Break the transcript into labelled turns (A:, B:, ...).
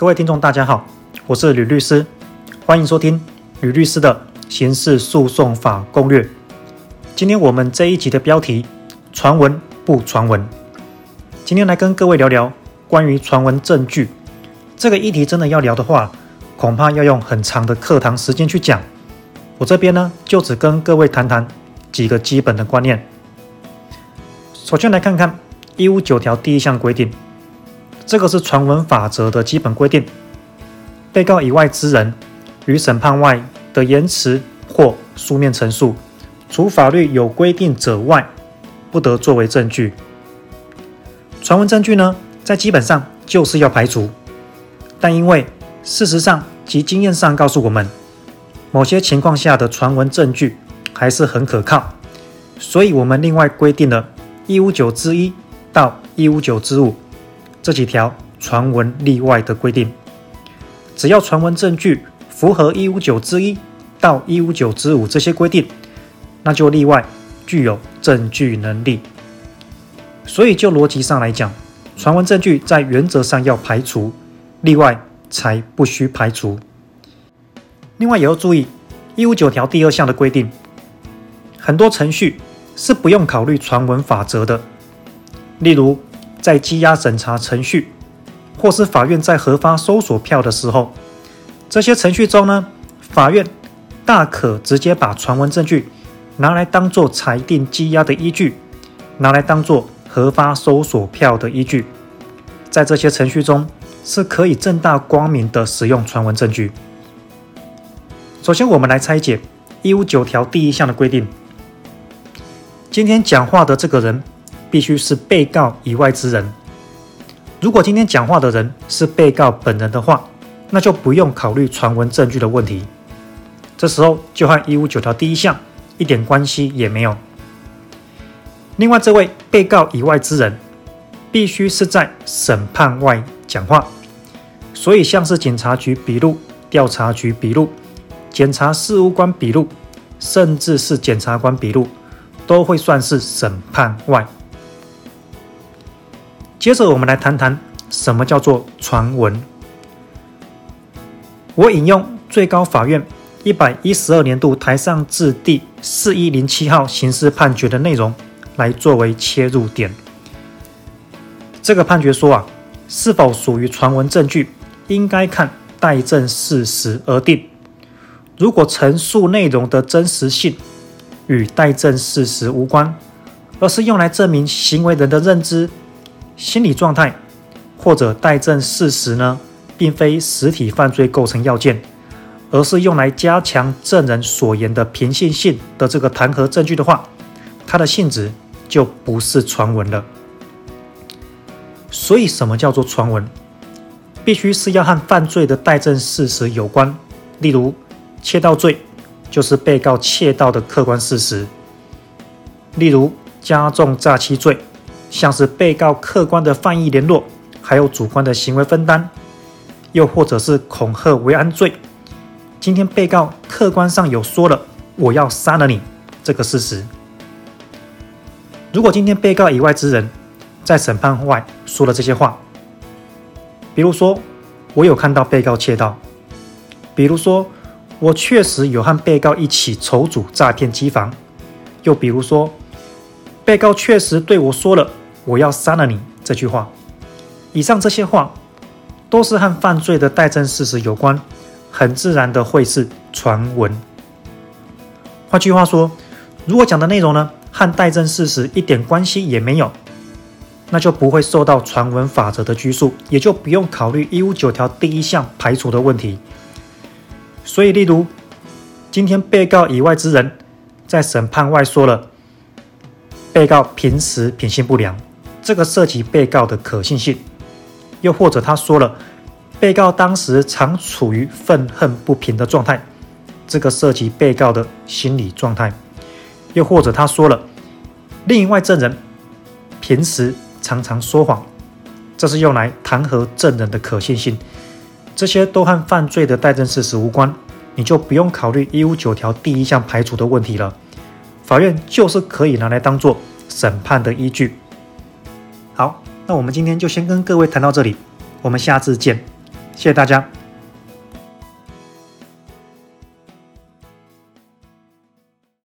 A: 各位聽眾，大家好，我是呂律師，歡迎收聽呂律師的刑事訴訟法攻略。今天我們這一集的標題“傳聞不傳聞”，今天來跟各位聊聊關於傳聞證據這個議題。真的要聊的話，恐怕要用很長的課堂時間去講。我這邊呢，就只跟各位談談幾個基本的觀念。首先來看看一五九條第一項規定。這個是傳聞法則的基本規定：被告以外之人於審判外的言詞或書面陳述，除法律有規定者外，不得作為證據。傳聞證據呢，在基本上就是要排除，但因為事實上及經驗上告訴我們，某些情況下的傳聞證據還是很可靠，所以我們另外規定了一五九之一到一五九之五。這幾條傳聞例外的規定，只要傳聞證據符合一五九之一到一五九之五這些規定，那就例外具有證據能力。所以，就邏輯上來講，傳聞證據在原則上要排除，例外才不需排除。另外，也要注意一五九條第二項的規定，很多程序是不用考慮傳聞法則的，例如。在羈押審查程序，或是法院在核發搜索票的時候，這些程序中呢，法院大可直接把傳聞證據拿來當做裁定羈押的依據，拿來當做核發搜索票的依據，在這些程序中是可以正大光明的使用傳聞證據。首先，我們來拆解一五九條第一項的規定。今天講話的這個人，必須是被告以外之人。如果今天講話的人是被告本人的話，那就不用考慮傳聞證據的問題。這時候就和一五九條第一項一點關係也沒有。另外，這位被告以外之人必須是在審判外講話，所以像是警察局筆錄、調查局筆錄、檢察事務官筆錄，甚至是檢察官筆錄，都會算是審判外。接着，我們來談談什麼叫做傳聞。我引用最高法院一百一十二年度台上字第四一零七號刑事判決的內容來作為切入點。這個判決說啊，是否屬於傳聞證據，應該看待證事實而定。如果陳述內容的真實性與待證事實無關，而是用來證明行為人的認知。心理狀態或者待證事實呢，並非實體犯罪構成要件，而是用來加強證人所言的憑信性的這個彈劾證據的話，它的性質就不是傳聞了。所以，什麼叫做傳聞？必須是要和犯罪的待證事實有關。例如，竊盜罪就是被告竊盜的客觀事實；例如，加重詐欺罪。像是被告客觀的犯意聯絡，還有主觀的行為分擔，又或者是恐嚇危安罪。今天被告客觀上有說了“我要殺了你”這個事實。如果今天被告以外之人，在審判外說了這些話，比如說我有看到被告竊盜，比如說我確實有和被告一起籌組詐騙機房，又比如說被告確實對我說了，我要殺了你這句話，以上這些話都是和犯罪的待證事實有關，很自然的會是傳聞。換句話說，如果講的內容呢，和待證事實一點關係也沒有，那就不會受到傳聞法則的拘束，也就不用考慮一五九條第一項排除的問題。所以，例如今天被告以外之人在審判外說了，被告平時品性不良。這個涉及被告的可信性，又或者他說了，被告當時常處於憤恨不平的狀態，這個涉及被告的心理狀態；又或者他說了，另外證人平時常常說謊，這是用來彈劾證人的可信性。這些都和犯罪的待證事實無關，你就不用考慮一五九條第一項排除的問題了。法院就是可以拿來當做審判的依據。那我們今天就先跟各位談到這裡，我們下次見，謝謝大家。